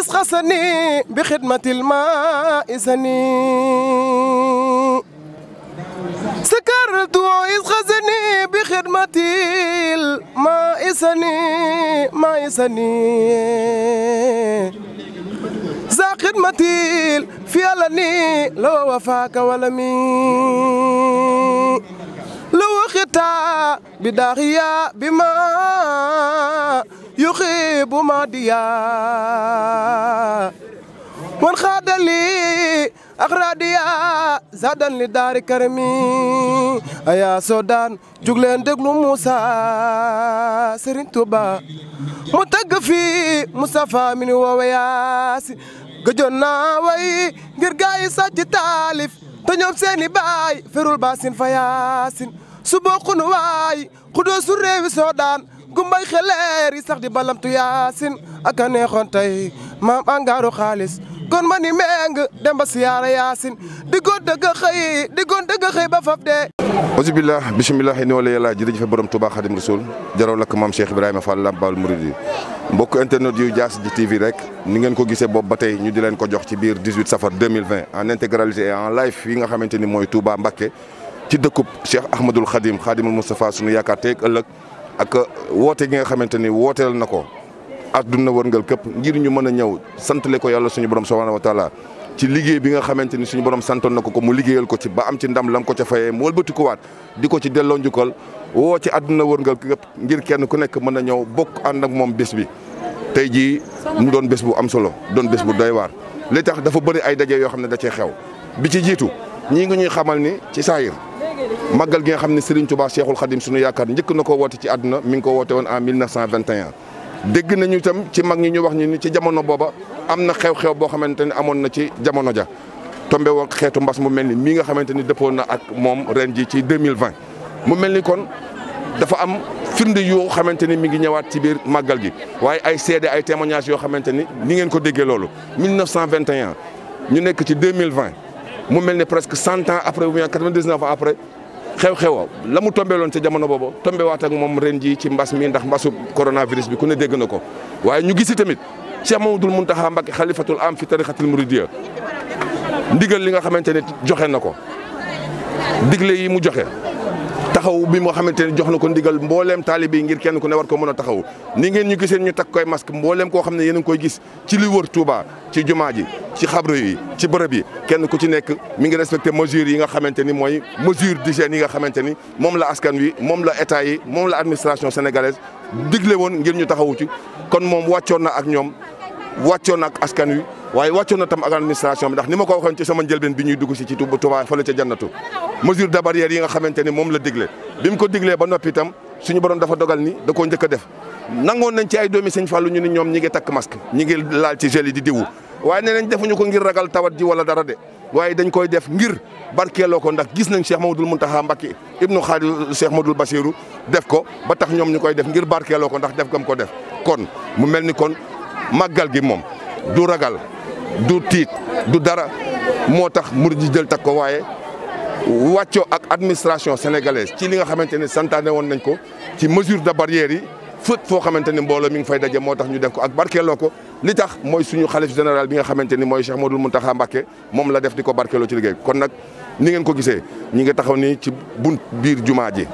إذ بخدمة الماء زني سكرت وإذ بخدمة الماء زني ما زني ذا خدمتي في علني لو وفاك ولمي لو خطا بداخيا بما يخيب ماديا من خاد لي أغراديا زادا لدار كرمي أيا سودان جوغلين دقلو موسى سرين توبا متقفي مصطفى من ووياس gëjoona way ngir gaay sàcc taalif te ñoom seeni baay ferul baasin fa yaasin su bokkunu waay xudoo su réewi soodaan gumbay xeleer yi sax di balamtu yaasin ak a neexoon tey maam angaaru xaalis kon ma ni meng dem ba siyaara yaasin diggoon dëgg xëy diggoon dëgg xëy ba faf dee auzu billah bismillah ni wala yàlla jërëjëf borom Touba Xadim Rasul jaraw lakk maam Cheikh Ibrahima Fall Lampal Mouride mbokk internet yu Dias di TV rek ni ngeen ko gisee boob ba tey ñu di leen ko jox ci biir 18 safar 2020 en intégralité et en live yi nga xamante ni mooy Touba Mbacké ci dëkkub Cheikh Ahmadoul Khadim Khadimul Moustapha sunu yaakaar teeg ëllëg ak woote gi nga xamante ni wooteel na ko àdduna wërngal képp ngir ñu mën a ñëw santale ko yàlla suñu borom subhanahu wa taala ci liggéey bi nga xamante ni suñu borom santoon na ko ko mu liggéeyal ko ci ba am ci ndam lam ko ca fayee mu ko waat di ko ci delloo njukkal woo ci àdduna wërngal képp ngir kenn ku nekk mën a ñëw bokk ànd ak moom bés bi. tey jii mu doon bés bu am solo doon bés bu doy waar li tax dafa bëri ay daje yoo xam ne da cee xew bi ci jiitu ñii nga ñuy xamal ni ci saayir màggal gi nga xam ne Serigne Touba Cheikhul Khadim sunu yaakaar njëkk na ko woote ci àdduna mi ngi ko woote woon en 1921. dégg nañu itam ci mag ñi ñu wax ñu ni ci jamono booba am na xew-xew boo xamante ne amoon na ci jamono ja tombe woon xeetu mbas mu mel ni mii nga xamante ni dëppoon na ak moom ren ji ci 2020 mu mel ni kon dafa am firnde yoo xamante ni mi ngi ñëwaat ci biir màggal gi waaye ay seede ay témoignages yoo xamante ni ni ngeen ko déggee loolu 1921 ñu nekk ci 2020 mu mel ni presque 100 ans après ou bien 99 ans après xew-xew la mu tombé loon ca jamono boobu tombé waat ak moom ren jii ci mbas mi ndax mbasu coronavirus bi ku ne dégg na ko waaye ñu gisi tamit Cheikh Mamadou Mountakha Mbacké xalifatul am fi tarixatul muridiyya ndigal li nga xamante ne joxe na ko digle yi mu joxe taxaw bi moo xamante ne jox na ko ndigal mbooleem taalibe yi ngir kenn ku ne war ko mën a taxaw ni ngeen ñu giseen ñu takk koy masque mbooleem koo xam ne yéen a ngi koy gis ci li wër Touba ci jumaa ji ci xabru yi ci bërëb yi kenn ku ci nekk mi ngi respecté mesures yi nga xamante ni mooy mesure d'hygiène yi nga xamante ni moom la askan wi moom la état yi moom la administration sénégalaise digle woon ngir ñu taxawu kon moom wàccoon na ak ñoom wàccoon na ak askan wi waaye wàccoon na tam ak administration bi ndax ni ma ko waxoon ci sama njëlbeen bi ñuy dugg si ci Touba fële ca jannatu mesure de barrière yi nga xamante ni moom la digle bi mu ko diglee ba noppi itam suñu borom dafa dogal ni da koo njëkk def nangoon nañ ci ay doomi sëñ Fallou ñu ni ñoom ñi ngi takk mask ñi ngi laal ci gel yi di diwu waaye nee nañ defuñu ko ngir ragal tawa ji wala dara de waaye dañ koy def ngir barkeeloo ko ndax gis nañ Cheikh Mamadou Mountakha Mbacké ibnu Khalil Cheikh Mamadou Bassirou def ko ba tax ñoom ñu koy def ngir barkeeloo ko ndax def gam ko def kon mel ni kon màggal gi moom du ragal du tiit du dara moo tax murid ji jël tak ko waaye wàccoo ak administration sénégalaise ci li nga xamante ne santaane woon nañ ko ci mesure de barrière yi fët foo xamante ni mbooloo mi ngi fay daje moo tax ñu def ko ak barkeeloo ko li tax mooy suñu xalif général bi nga xamante ni mooy Cheikh Modou Mountakha Mbacké moom la def di ko barkeeloo ci liggéey kon nag ni ngeen ko gisee ñi nga taxaw nii ci bunt biir jumaa ji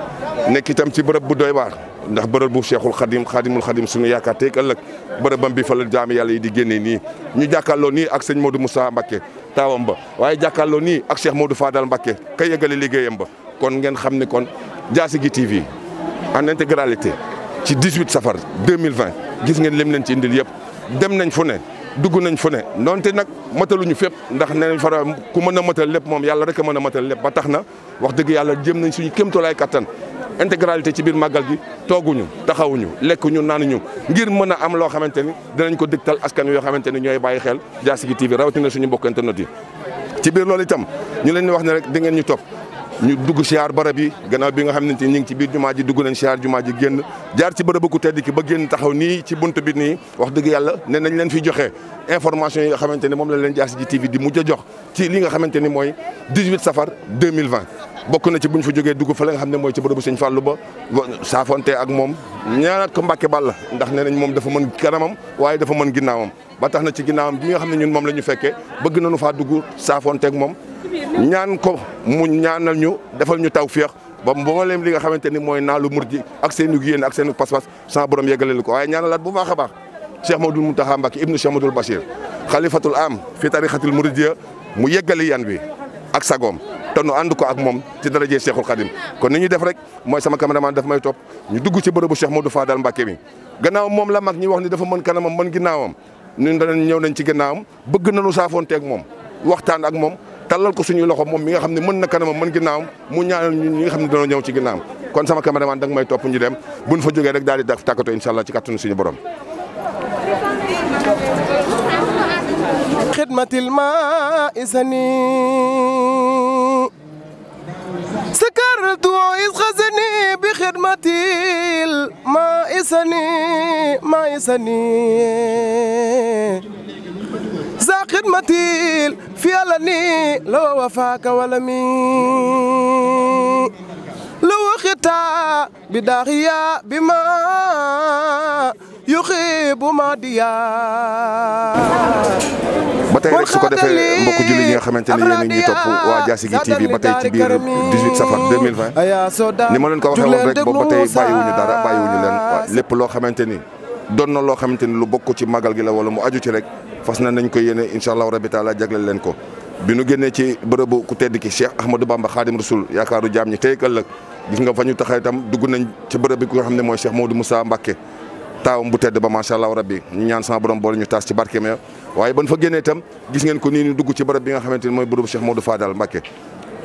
nekk itam ci bërëb bu doy waar ndax bërëb bu Cheikhul Khadim Khadimul Khadim suñu yaakaar teeg ëllëg bërëbam bi fa la jaami yàlla yi di génnee nii ñu jàkkaarloo nii ak sëñ Modou Moussa Mbacké taawam ba waaye jàkkaarloo nii ak Cheikh Modou Fadal Mbacké ka yëgale liggéeyam ba kon ngeen xam ni kon Diassigui TV en intégralité ci 18 safar 2020 gis ngeen lem leen ci indil yëpp dem nañ fu ne dugg nañ fu ne noonte nag mataluñu fépp ndax nee nañ fara ku mën a matal lépp moom yàlla rek a mën a matal lépp ba tax na wax dëgg yàlla jëm nañ suñu kémtolaay kattan intégralité ci biir màggal gi tooguñu taxawuñu lekkuñu naanuñu ngir mën a am loo xamante ni dinañ ko digtal askan yoo xamante ni ñooy bàyyi xel Diassigui TV rawatina suñu mbokk internet yi. ci biir loolu itam ñu leen wax ne rek di ngeen ñu topp ñu dugg siyaar barab yi gannaaw bi nga xam ne ñu ngi ci biir jumaa ji dugg nañ siyaar jumaa ji génn jaar ci bërëb ku tedd ba génn taxaw ni ci bunt bi ni wax dëgg yàlla ne nañ leen fi joxe information yi nga xamante ni moom lañ leen Diassigui TV di mujj a jox ci li nga xamante ni mooy 18 safar 2020 bokk na ci buñ ñu fa jógee dugg fa la nga xam ne mooy ci bërëbu sëñ Fallou ba saafonte ak moom ñaanaat ko Mbàkke Bàlla ndax ne nañ moom dafa mën kanamam waaye dafa mën ginnaawam ba tax na ci ginnaawam bi nga xam ne ñun moom la ñu fekkee bëgg nañu faa dugg saafonte ak moom ñaan ko mu ñaanal ñu defal ñu taw tawfeex ba mbooleem li nga xamante ni mooy naalu mur ji ak seenu yéen ak seenu pas-pas sans borom yeggaleel ko waaye ñaanalaat bu baax a baax Cheikh Madoul Mountakha Mbacké ibnu Cheikh Madoul Bachir xalifatul am fi tarixatul muridiyya mu yeggali yan bi ak sagoom te nu ànd ko ak moom ci daraje Cheikhul Khadim kon ni ñu def rek mooy sama caméraman daf may topp ñu dugg ci bërëbu Cheikh Modou Fadal Mbacké bi gannaaw moom la mag ñi wax ni dafa mën kanamam mën ginnaawam ñun danañ ñëw nañ ci ginnaawam bëgg nañu saafoonteeg moom waxtaan ak moom tallal ko moom mi na kanamam mën ginnaawam mu ñaanal ñun ñi nga xam ne dañoo kon sama caméraman da may topp ñu dem buñ fa jógee rek daal di tàkkatoo incha allah ci kattanu suñu borom خدمة الماء سني سكرت وإذ خزني بخدمة الماء سني ماء سني زا خدمتي في علني لو وفاك ولمي لو خطا بداخيا بما يخيب ما ديا ba tey rek su ko defee mbokk julli ñi nga xamante ne yéen a ngi topp ah, waa Diassigui TV ba tey ci biir 18 safar 2020 ni ma leen ko waxee woon rek boobu ba tey bàyyiwuñu dara leen lépp loo xamante ni doon na loo xamante ni lu bokk ci magal gi la wala mu aju ci rek fas na nañ ko yéene incha allahu rabi taala jagleel leen ko bi nu génnee ci bërëbu ku tedd ki Cheikh du Bamba Khadim Rasoul yaakaaru jaam ñi tey ëllëg gis nga fa ñu taxaw itam dugg nañ ci bërëb bi xam ne mooy Cheikh Modou Moussa Mbacké taw bu tedd ba sha allah rabbi ñu ñaan sama borom bo ñu taas ci barke me waye bañ fa génnee tam gis ngeen ko ni ñu dugg ci bi nga xamanteni moy borom Cheikh Modou Fadal Mbacké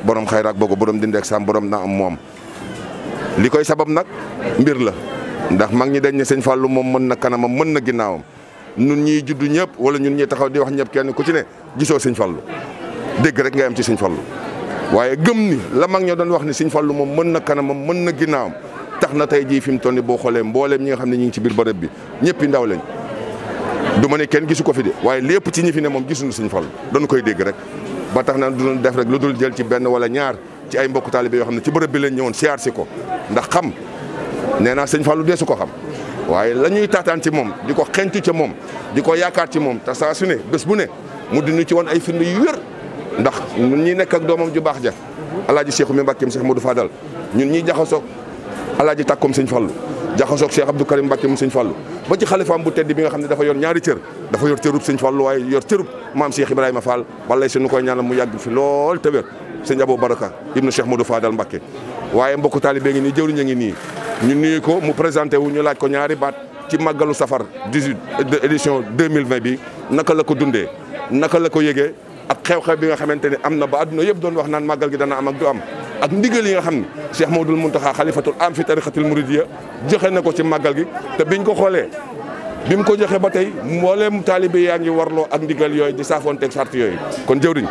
borom ak boogo borom dindeek sam borom na am mom likoy sabab nak mbir la ndax mag ñi dañ ne seigne fallu mom mën na kanam mën na ginnaawam ñun ñi juddu ñëpp wala ñun ñi taxaw di wax ñëpp kenn ku ci ne gisoo seigne fallu dégg rek nga am ci seigne fallu waye gëm ni la mag ñoo doon wax ni seigne fallu mom mën na kanam mën na tax na tey jii fi mu toll nii boo xoolee mbooleem ñi nga xam ne ñu ngi ci biir bërëb bi ndaw lañ du ma ne kenn gisu ko fi de waaye lépp ci ñi fi ne moom gisuñu suñu fal dañu koy dégg rek ba tax na duñu def rek lu dul jël ci benn wala ñaar ci ay mbokk taalibe yoo xam ne ci bërëb bi lañ ñëwoon siyaar si ko ndax xam nee naa sëñ Fallou deesu ko xam waaye la ñuy taataan ci moom di ko xentu ca moom di ko yaakaar ci moom te saa su ne bés bu ne mu dinu ci woon ay firnde yu ndax ñun ñi nekk ak doomam ju baax ja alaaji Cheikh mi Mbàkkeem Cheikh Modou Fadal ñun ñi jaxasoo alaaji tàkkoom seigne fallu jaxasoog Cheikh Abdou Karim mbake mu seigne fallu ba ci xalifaam bu tedd bi nga xamne dafa yor ñaari cër dafa yor cërub seigne fallu way yor cërub mam Cheikh Ibrahima Fall wallay seigne ko ñaanal mu yàgg fi lol te wér seigne Abou Baraka ibnu Cheikh Modou Fadal mbake waye mbokku talibe ngi ni jëwriñ ñi ngi ni ñu nuyu ko mu présenté wu ñu laaj ko ñaari baat ci magalu safar 18 édition 2020 bi naka la ko dundé naka la ko yégué ak xew-xew bi nga xamanteni amna ba aduna yeb doon wax naan magal gi dana am ak du am ak ndigal yi nga xam ne Cheikh Mawdul Muntaxa xalifatul am fi tarixatul muridiyya joxe na ko ci màggal gi te biñ ko xoolee bi mu ko joxe ba tey mbooleem taalibe yaa ngi warloo ak ndigal yooyu di saafoonteeg sart yooyu kon jëwriñ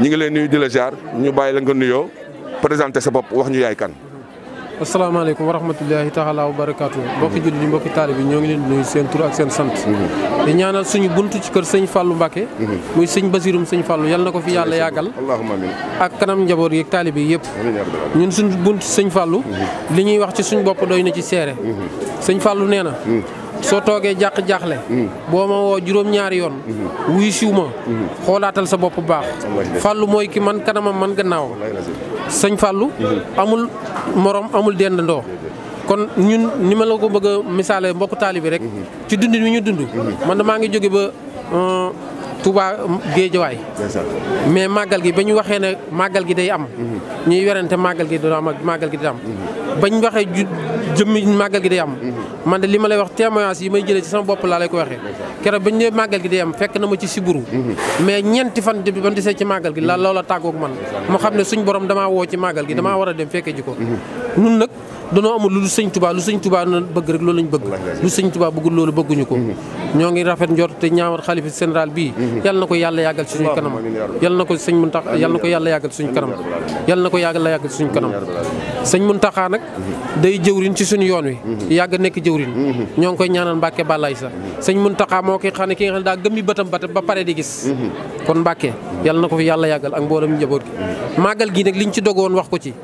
ñi ngi leen nuyu di la jaar ñu bàyyi la nga nuyoo présenté sa bopp wax ñu yaay kan asalaamaaleykum wa rahmatullahi taala wa barakaatu mbokki jullit yi mbokki taalib yi ñoo ngi leen di nuyu seen tur ak seen sant di ñaanal suñu bunt ci kër sëñ fàllu Mbacké muy sëñ Basirum sëñ fàllu yal na ko fi yàlla yàggal allahumma amin ak kanam njaboot yi ak taalib yi yëpp ñun suñu buntu sëñ Fallou mhm. li ñuy wax ci suñu bopp doy na ci seere mhm. sëñ fàllu nee na mhm. soo toogee jàq jàqle mm. boo ma woo juróom-ñaari yoon. Mm-hmm. wuyu siw ma. Mm-hmm. xoolaatal sa bopp baax. fàllu mooy kii man kanamam man gannaaw. sëñ fàllu mm-hmm. amul morom amul dendandoo. kon ñun ni ma la ko bëgg a misaale mbokku taalibi rek. ci dund wi ñu dund. man maa ngi jóge ba. Euh, Touba Géejawaay mais màggal gi ba ñu waxee ne màggal gi day am ñuy werante màggal gi dina am ak màggal gi dina am bañ waxee ju jëmmi màggal gi day am. man de li ma lay wax témoignage yi may jëlee ci sama bopp laa lay ko waxee. keroog bañ ne màggal gi day am fekk na ma ci siburu. mais ñeenti fan bi ba mu desee ci màggal gi la loola tàggoog man. mu xam ne suñ borom dama woo ci màggal gi dama war a dem fekkee ji ko. nun nag danoo amul lu sëñ Tuubaa lu sëñ Tuubaa na bëgg rek loolu lañ bëgg. lu sëñ tubaa bëggul loolu bëgguñu ko. ñoo ngi rafet njort te ñaawar xalifa général bii mhm. yal na ko yàlla yàggal suñu kanam yal na ko sëñ Muntaxa yal na ko yàlla yàggal suñu kanam yal na ko yàlla yàggal suñu kanam sëñ Muntaxa nag mhm. day jëwrin ci suñu yoon wi mhm. yàgg nekk jëwrin ñoo ngi koy ñaanal Mbàkke bàllaay sa mun Muntaxa moo koy xam ne ki nga xam ne daa gëmmi bëtam bata ba pare di gis kon Mbàkke yal na ko fi yàlla yàggal ak mboolam njaboot gi màggal gi nag li liñ ci dogoon wax ko ci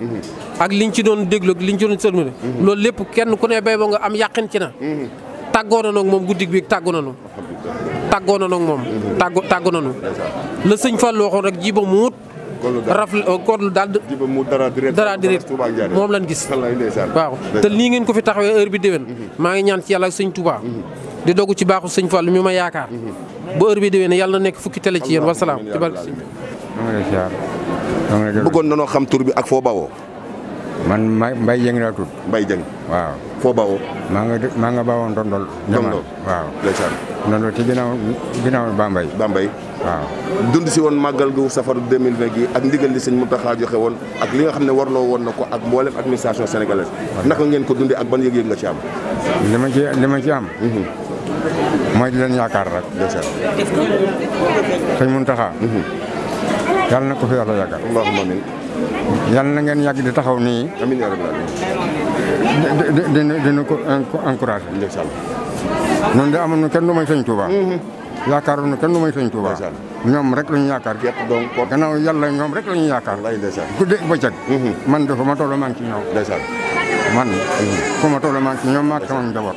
ak liñ ci doon déglu liñ ci doon sërmale loolu lépp kenn ku ne bay nga am yàqin ci tàggoo na moom guddig bi tàggu na nu tàggoo na noog moom tàggu tàggu na nu la sëñ Fallou waxoon rek jiba muut raf euh, koorlu daal dara direct moom lan gis waaw te lii ngeen ko fi taxawee heure bi déwén maa ngi ñaan ci yàlla ak sëñ Touba di dogu ci baaxu sëñ Fallou mi ma yaakaar ba heure bi déwén yàlla na nekk fukki télé ci yéen wasalaam ci barke sëñ bëggoon nanoo xam tuur bi ak foo bawoo man Mbaye Dieng laa tudd. Mbaye Dieng. waaw foo bawoo. maa nga maa nga bawoo Ndondol. Ndondol waaw. ndeysaan. Ndondol ci ginnaaw ginnaaw Bambey. Bambey waaw. dund si woon màggal gu safar 2020 gi ak ndigal li sëñ Mountakha joxe woon ak li nga xam ne war warloo woon na ko ak mboolem administration sénégalaise. naka ngeen ko dundee ak ban yëg-yëg nga ci am. ma ci ma ci am. Mhm. mooy di leen yaakaar rek. ndeysaan. sëñ Mountakha. Mhm. yàlla na ko fi yàlla yaakaar. allahumma amiin. yal na ngeen yàgg di taxaw nii. amiin yaa rabbal aalamiin. di di di ko encouragé. noonu de amoon na kenn du may sëñ Touba. Mm-hmm. yaakaaroon na kenn du may sëñ Touba. ñoom rek la ñu yaakaar. gerte donc kooku gannaaw yàlla ñoom rek la ñu yaakaar. wallaay ndeysaan guddeeg mm-hmm. man de fa ma toll maa ngi ci ñoom. ndeysaan man. ku ma toll maa ngi ci ñoom maa ngi sama njaboot.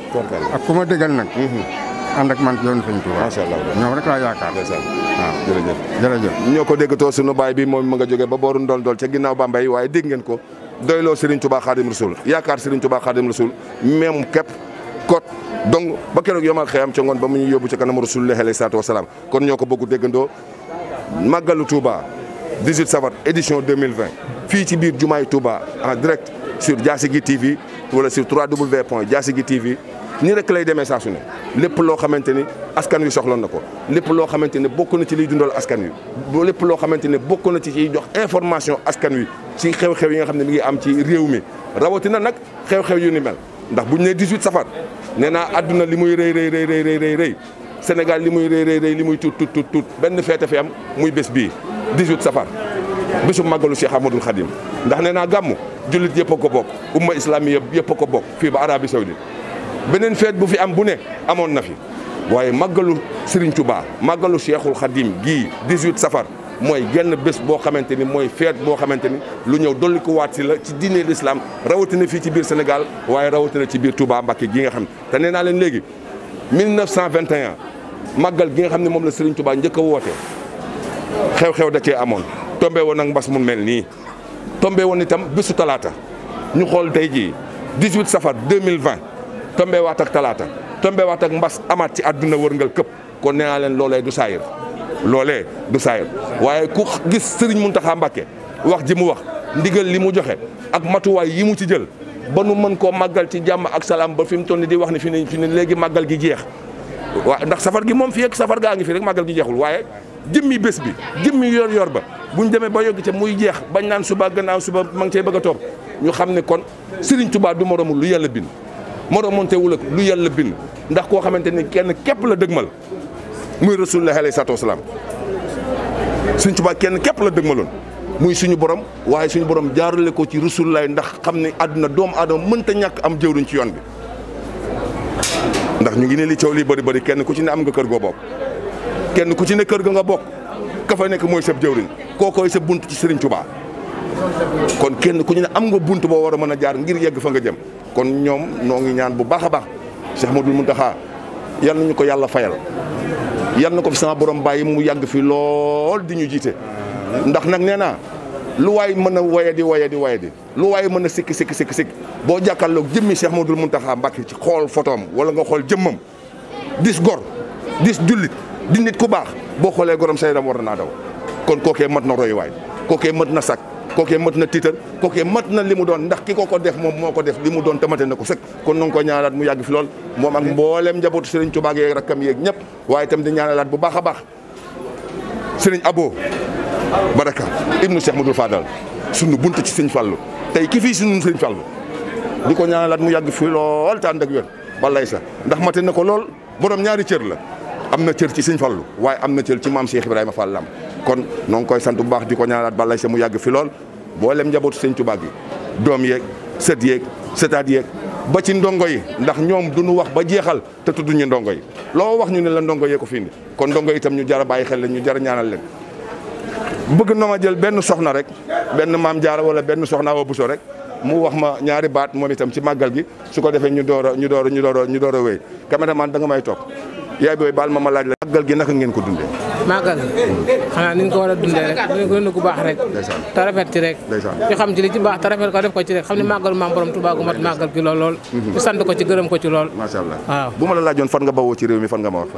ak ku ma dëggal nag. Mm-hmm. ànd ak man ci yoonu sëñ Tuuba. macha yaakaar. waaw jërëjëf jërëjëf. ñoo ko déggatoo sunu baay bi moom ma nga jógee ba booru ndol ndol ca ginnaaw Bambey waaye dégg ngeen ko doyloo Serigne Touba Khadim Rasoul yaakaar Serigne Touba Khadim Rasoul même képp kot donc ba keroog yomal xëyam ca ngoon ba mu ñu yóbbu ca kanam Rasulullah alayhi salaatu wasalaam kon ñoo ko bëgg déggandoo màggalu Touba 18 Safar édition vingt fii ci biir jumaay Touba en direct sur Diassigui TV wala sur www.diassigui TV ni rek lay démé sa su ne lépp loo xamante askan yu soxlon nako ko lépp loo xamante ne na ci li dundal askan yu lépp lo xamante ne bokk na ci ciy jox information askan wi ci xew-xew yi nga xam mi ngi am ci réew mi na nak xew-xew yu ni mel ndax buñ né 18 safar nee naa àdduna li muy rëy rëy rëy rëy rëy Sénégal limuy muy rëy rëy limuy tut tut tut tuut tuut benn feete fi am muy bés bi 18 safar bésu magalu Cheikh amadou Khadim ndax néna gamu julit jullit yëpp ko bokk umma islamiya yëpp ko bokk fi ba Arabie Saoudite benen fête bu fi am bu ne amone na fi waye magalu Serigne Touba magalu Cheikhul Khadim gi 18 safar moy genn bés bo xamanteni moy fête bo xamanteni lu ñëw dolli ko waat la ci diné l'islam rawati na fi ci bir Sénégal waye rawati na ci bir Touba Mbacké gi nga xam ta neena len legi 1921 magal gi nga xamni mom la Serigne Touba njëkk wote xew-xew da ci amone tombé won ak mbass mu mel nii tombé won itam bisu talata ñu xol tay ji 18 safar 2020. tombe waat ak talaata tombe waat mbas amaat ci àdduna wërngal këpp kon nee leen loolee du saayir loolee du saayir waaye ku gis Serigne Mountakha mbake wax ji mu wax ndigal li mu joxe ak matuwaay yi mu ci jël ba nu mën koo màggal ci jàmm ak salaam ba fi mu toll ni di wax ni fi ne fi ne léegi màggal gi jeex waa ndax safar gi moom fi ak safar gaa ngi fi rek màggal gi jeexul waaye jëmmi bés bi jëmmi yor-yor ba buñ demee ba yogg ca muy jeex bañ naan suba gannaaw suba ma ngi cay bëgg a ñu xam ne kon Serigne Touba du moromu lu yàlla bind moromonte wul ak lu yàlla bind ndax koo xamante ni kenn képp la dëgmal muy rasulullah alayhi salaatu wasalaam suñ Tuubaa kenn képp la dëgmaloon muy suñu borom waaye suñu borom jaarale ko ci rasulullah ndax xam ne àdduna doomu aadama mënta ñàkk am jëwriñ ci yoon bi ndax ñu ngi ne li coow lii bëri bëri kenn ku ci ne am nga kër goo bokk kenn ku ci ne kër ga nga bokk ka nekk mooy seb jëwriñ kookoy sa bunt ci Sëriñ Tuubaa kon kenn ku ñu ne am nga bunt boo war a mën a jaar ngir yegg fa nga jëm kon ñom no ngi ñaan bu baaxa baax Cheikh Modou muntaha yal nañu ko yalla fayal yal ko fi sama borom baye mu yag fi lol di ñu jité ndax nak neena lu way mëna waye di waye di waye di lu way mëna sik sik sik sik, bo boo jàkkaarloog jëmmi Cheikh Modou muntaha Mbacké ci xol fotom wala nga xol jëmmam dis gor dis julit di nit ku baax bo xolé gorom sa war na daw kon kookee mat na way kookee mat na sak kookee mat na tiitar kookee mat na li mu doon ndax ki ko ko def moom moo ko def li mu doon tamate na ko sëkk kon na nga ko ñaanalaat mu yàgg fi lool moom ak mboolem njabootu Serigne Touba ak rakkam yeeg ñëpp waaye itam di ñaanalaat bu baax a baax Serigne Abo Baraka ibnu Cheikh Modou Fadal sunu bunt ci Serigne Fallou tey kii fii sunu Serigne Fallou di ko ñaanalaat mu yàgg fi lool te ànd ak wér wallaay sax ndax mate na ko lool boroom ñaari cër la am na cër ci Sëñ Fallu waaye am na cër ci mam Cheikh Ibrahima Fall kon nong koi koy sant bu baax di ko ñaanalaat Balla Aïssa mu yàgg fi bo lem njabootu Sëñ Tuubaa gi doom yeeg sët yeeg sëtaat yeeg ba ci ndongo yi ndax ñoom du wax ba jeexal te tudduñu ndongo yi loo wax ñu ne la ndongo fi kon ndongo yi itam ñu jar a bàyyi xel la ñu jar a ñaanal leen bëgg na jël benn soxna rek benn maam jaara wala benn soxna Awa Bousso rek mu wax ma ñaari baat moom itam ci màggal gi su ko defee ñu door a ñu door ñu ñu cameraman da nga may yaay boy bal mama laaj la màggal gi nak ngeen ko dundé màggal xanaa ni ñu ko wara dundé rek ñu ko dund baax rek ta rafet ci rek ñu xam ci li ci baax ta rafet ko def ko ci rek xamni ne màggalu maam borom tuba gu mat màggal gi lool lool mhm. ñu sant ko ci gëreem ko ci lool sha allah buma bu ma la laajoon fan nga bawo ci rew mi fan nga ma wax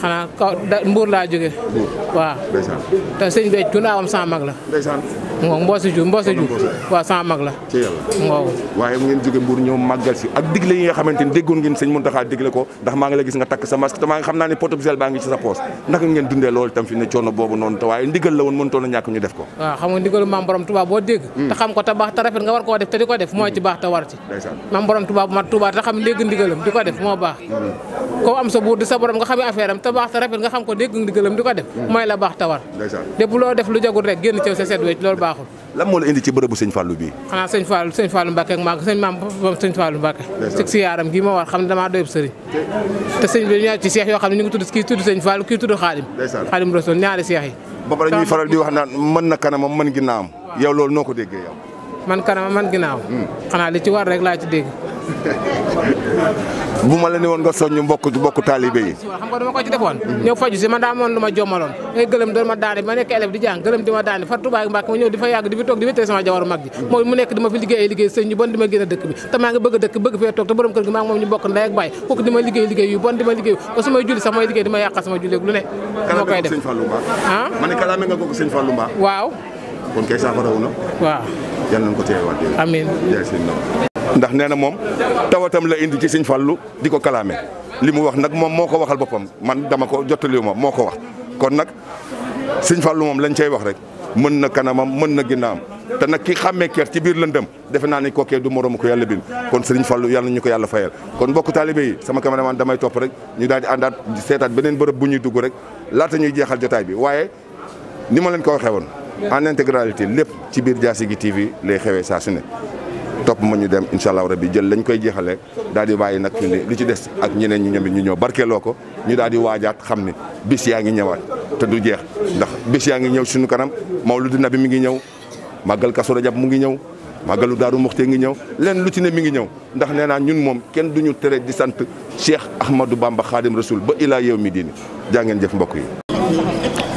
xana mbur la mbuur wa ta señ te tuna am sa mag la ngoog mbossu ju mbossu ju wa sa mag la ci yalla ngoog waye ngeen jóge mbur ñëw magal ci ak digle yi nga xamanteni ni ngeen señ Muntaxa digle ko ndax ma nga la gis nga tak sa masque nga xam naa ne potu gel baa a ñàkk hmm. hmm. bu mat Touba te xam dégg ndigalam di ko def moo baax hmm. ko am sa buur di sa borom maa sëñ maam sëñ Fallou Mbacke si gi ma war xam ne damaa doyub sëriñ te sëñ bi ñëw ci seex yoo xam ne ñu ngi tudd kii tudd sëñ Fall kii tudd Xaadim Xaadim Rasul ñaari seex yi ba pare ñuy faral di wax naan mën na kanamam mën ginnaawam yow loolu noo ko déggee yow man kanamam man ginnaaw hmm. xanaa li ci war rek laa ci dégg bu ma la ne woon nga soññ mbokk mbokk taalibe yi xam nga dama ko ci defoon ñëw faju si man daa moon lu ma jommaloon ay gëlëm doon ma daane ma nekk élève di jàng gëlëm di ma daane far Tuubaa Mbàkke ma ñëw di fa yàgg di fi toog di fi tey sama jawaru mag ji mooy mu nekk di ma fi liggéey ay liggéey sëñ ñu bon di ma génn dëkk bi te ngi bëgg dëkk bëgg fee toog te borom kër gi maa moom ñu bokk ndey baay kooku di ma liggéey yu bon di ma liggéey na ndax nee na moom tawatam la indi ci sëñ Fallu di ko kalaame li mu wax nag moom moo ko waxal boppam man dama ko jottaliwu ma moo ko wax kon nag sëñ Fallu moom lañ cay wax rek mën na kanamam mën na ginnaam te nag ki xàmmee ker ci biir lëndëm defe naa ni kookee du moromu ko yàlla bin kon sëriñ Fallu yàlla ñu ko yàlla fayal kon mbokk taalibe yi sama cameraman damay topp rek ñu daaj di àndaat seetaat beneen bërëb bu ñuy dugg rek laata ñuy jeexal jotaay bi waaye ni ma leen ko waxee woon en intégralité lépp ci biir Diassigui TV lay xewee saa ne topp ma ñu dem incha allah rabi jël lañ koy jeexalee daal di bàyyi nag ni li ci des ak ñeneen ñi ñoom it ñu ñëw barkeeloo ko ñu daal di waajaat xam ni bis yaa ngi ñëwaat te du jeex ndax bis yaa ngi ñëw suñu kanam lu Mawlud Nabi mi ngi ñëw màggal Kazu Rajab mu ngi ñëw màggalu Daaru Muxti ngi ñëw leen lu ci ne mi ngi ñëw ndax nee naa ñun moom kenn du ñu tere di sant Cheikh Ahmadou Bamba Khadim Rasoul ba ilaa yow mi diini jaa ngeen jëf mbokk yi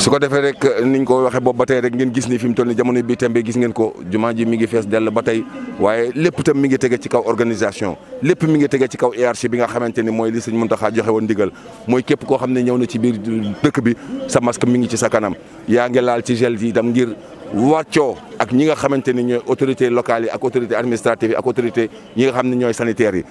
su ko defee rek euh, niñ ko waxee boobu ba tey rek ngeen gis ni fi mu toll ni jamono bi tembe gis ngeen ko jumaa ji mi ngi fees dell ba tey waaye lépp tam mi ngi tege ci kaw organisation lépp mi ngi tege ci kaw hiérarchie bi nga xamante ni mooy li sëñ Muntaxa joxe woon ndigal mooy képp koo xam ne ñëw na ci biir dëkk bi sa masque mi ngi ci sa kanam yaa ngi laal ci gel yi itam ngir wàccoo ak ñi nga xamante ni ñooy autorité locale yi ak autorité administrative yi ak autorité ñi nga xam ne ñooy sanitaire yi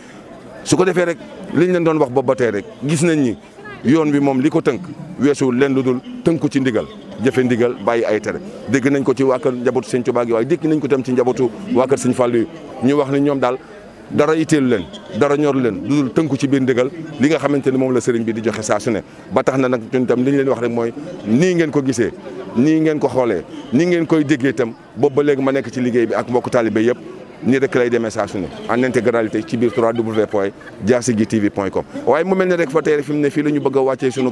su ko defee rek liñ wax boobu ba tey rek gis nañ ni yoon wi moom li ko tënk weesu leen lu dul tënku ci ndigal jëfe ndigal bàyyi ay tere dégg nañ ko ci waa kër njabootu sëñ Tuubaa gi waaye dégg nañ ko tam ci njabootu waa kër sëñ Fàllu ñu wax ni ñoom daal dara itteelu leen dara ñoru leen lu dul tënku ci biir ndigal li nga xamante ne moom la sëriñ bi di joxe saasu su ne ba tax na nag ñun tam li leen wax rek mooy nii ngeen ko gisee nii ngeen ko xoolee nii ngeen koy déggee boobu ba léegi ma nekk ci liggéey bi ak mbokku taalibe yëpp nii rek lay demee saa su ne en intégralité ci biir 3w point diassigui tv point com waaye mu mel ne rek fa tey rek ne fii la ñu bëgg a wàccee suñu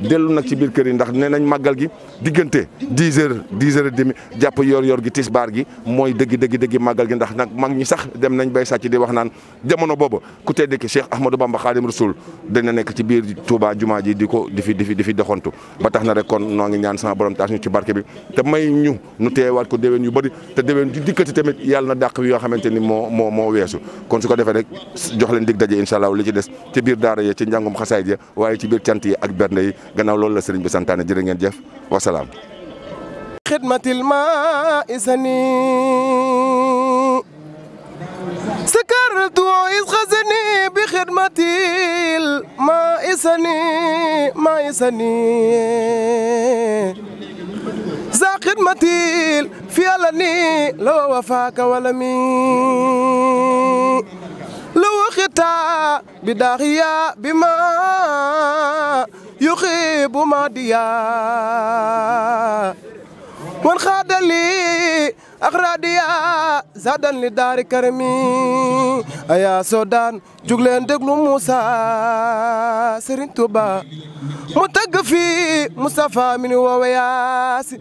dellu nag ci biir kër ndax nee nañ gi diggante 10 yor yor gi tisbaar gi mooy dëgg dëgg dëgg gi ndax mag ñi sax dem nañ bay sàcc di wax naan jamono boobu ku tedd ki Cheikh Ahmadou Bamba Khadim Rasoul dana nekk ci biir Touba jumaa ji di ko di fi di ba tax na rek kon noo xamante ni moo weesu kon su ko defee rek jox la dig daje incha li ci des ci biir daara yi ci njàngum xasaayid ya waaye ci biir cant yi ak bernde yi gannaaw loolu la sëriñ bi santaane jërë ngeen jëf wasalaam xidmatil ma isani سكرت وإسخزني بخدمتي خدمتي في علني لو وفاك ولمي لو خطا بداخيا بما يخيب ماديا وانخاد لي أخراديا زادا لدار كرمي أيا سودان جوغلين دقلو موسى سرين توبا متقفي مصطفى من ووياسي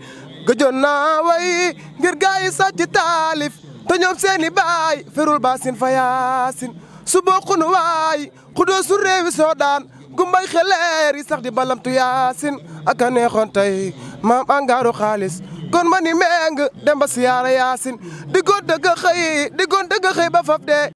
gëjoon naa way ngir gaay yi sàcc taalif te ñoom seeni baay ferul baasin fa yaasin su bokkunu waay xudoo su réewi soo daan gumbay xeleer yi sax di balamtu yaasin ak a neexoon tey maam angaaru xaalis kon ma ni meng dem ba siyaara yaasin diggoon dëgg xëy diggoon dëgg xëy ba faf dee